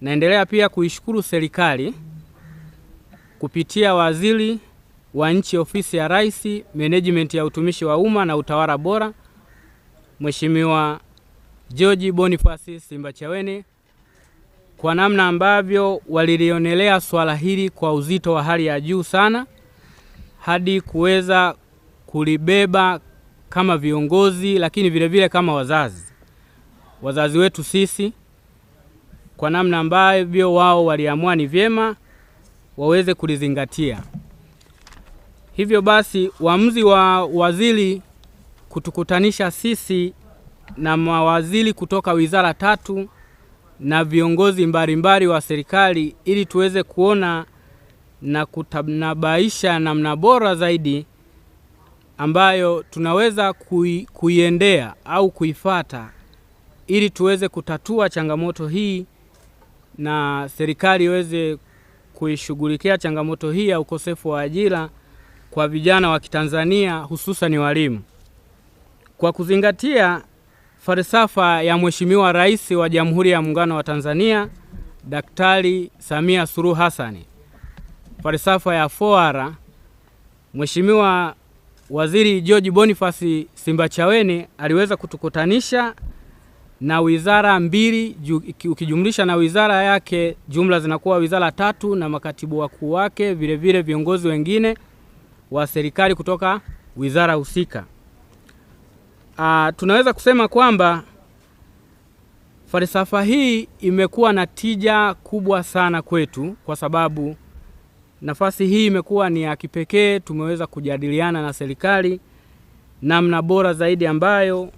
Naendelea pia kuishukuru serikali kupitia waziri wa nchi ofisi ya Rais, Management ya utumishi wa umma na utawala bora, Mheshimiwa George Boniface Simbachawene kwa namna ambavyo walilionelea swala hili kwa uzito wa hali ya juu sana hadi kuweza kulibeba kama viongozi, lakini vilevile vile kama wazazi wazazi wetu sisi kwa namna ambavyo wao waliamua ni vyema waweze kulizingatia. Hivyo basi, uamuzi wa waziri kutukutanisha sisi na mawaziri kutoka wizara tatu na viongozi mbalimbali wa serikali ili tuweze kuona na kutanabaisha namna bora zaidi ambayo tunaweza kui, kuiendea au kuifata ili tuweze kutatua changamoto hii na serikali iweze kuishughulikia changamoto hii ya ukosefu wa ajira kwa vijana wa Kitanzania hususani walimu kwa kuzingatia falsafa ya Mheshimiwa Rais wa Jamhuri ya Muungano wa Tanzania Daktari Samia Suluhu Hassan, falsafa ya foara, Mheshimiwa Waziri George Boniface Simbachawene aliweza kutukutanisha na wizara mbili ukijumlisha na wizara yake jumla zinakuwa wizara tatu na makatibu wakuu wake, vile vile viongozi wengine wa serikali kutoka wizara husika. Aa, ah, tunaweza kusema kwamba falsafa hii imekuwa na tija kubwa sana kwetu, kwa sababu nafasi hii imekuwa ni ya kipekee. Tumeweza kujadiliana na serikali namna bora zaidi ambayo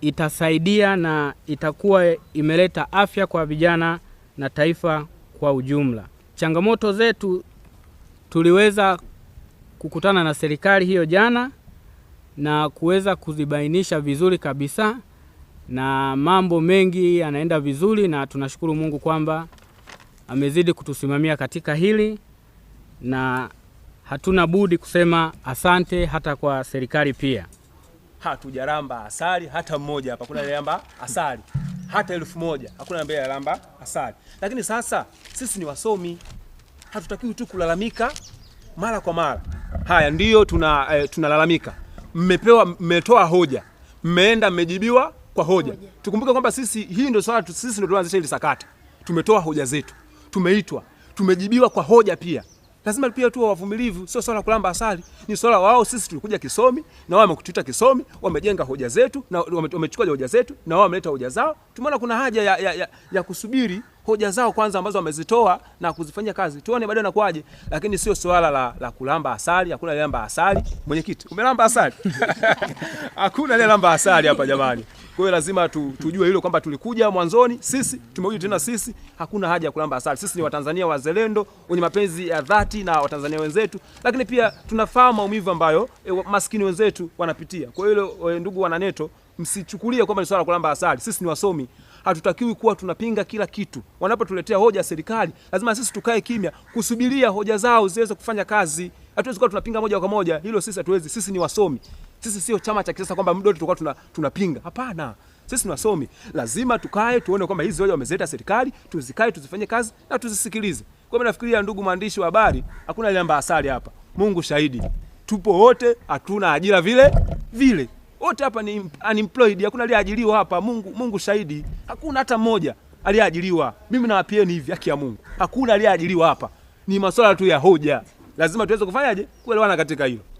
itasaidia na itakuwa imeleta afya kwa vijana na taifa kwa ujumla. Changamoto zetu tuliweza kukutana na serikali hiyo jana na kuweza kuzibainisha vizuri kabisa, na mambo mengi yanaenda vizuri, na tunashukuru Mungu kwamba amezidi kutusimamia katika hili, na hatuna budi kusema asante hata kwa serikali pia hatujaramba asali hata mmoja hapa. Kuna aliyeramba asali hata elfu moja hakuna ambaye aliyeramba asali. Lakini sasa sisi ni wasomi, hatutakiwi tu kulalamika mara kwa mara. Haya ndiyo tuna eh, tunalalamika, mmepewa, mmetoa hoja, mmeenda, mmejibiwa kwa hoja. Tukumbuke kwamba sisi hii ndio swala, sisi ndio tunaanzisha hili sakata. Tumetoa hoja zetu, tumeitwa, tumejibiwa kwa hoja pia lazima pia tu wavumilivu. Sio swala kulamba asali, ni swala wao. Sisi tulikuja kisomi na wao wamekutuita kisomi, wamejenga hoja zetu na wamechukua hoja zetu na wao wameleta hoja zao. Tumeona kuna haja ya, ya, ya, ya kusubiri hoja zao kwanza ambazo wamezitoa na kuzifanyia kazi, tuone baadaye nakuaje, lakini sio swala la, la kulamba asali. Hakuna lamba asali. Mwenyekiti, umelamba asali? Hakuna lamba asali hapa jamani. Kwa hiyo lazima tu, tujue hilo kwamba tulikuja mwanzoni sisi, tumekuja tena sisi. Hakuna haja ya kulamba asali. Sisi ni Watanzania wazalendo wenye mapenzi ya dhati na Watanzania wenzetu, lakini pia tunafahamu maumivu ambayo e, maskini wenzetu wanapitia. Kwa hiyo e, ndugu wananeto, msichukulie kwamba ni swala kulamba asali. Sisi ni wasomi hatutakiwi kuwa tunapinga kila kitu. Wanapotuletea hoja serikali, lazima sisi tukae kimya kusubiria hoja zao ziweze kufanya kazi. Hatuwezi kuwa tunapinga moja kwa moja, hilo sisi hatuwezi. Sisi ni wasomi, sisi sio chama cha kisasa kwamba mdoto tulikuwa tuna, tunapinga. Hapana, sisi ni wasomi, lazima tukae tuone kwamba hizi hoja wamezileta serikali, tuzikae tuzifanye kazi na tuzisikilize. Kwa maana nafikiria, ndugu mwandishi wa habari, hakuna ile mbaya asali hapa. Mungu shahidi, tupo wote, hatuna ajira vile vile wote hapa ni unemployed, hakuna aliyeajiriwa hapa. Mungu, Mungu shahidi, hakuna hata mmoja aliyeajiriwa. Mimi nawapieni hivi, haki ya Mungu, hakuna aliyeajiriwa hapa. Ni masuala tu ya hoja, lazima tuweze kufanyaje, kuelewana katika hilo.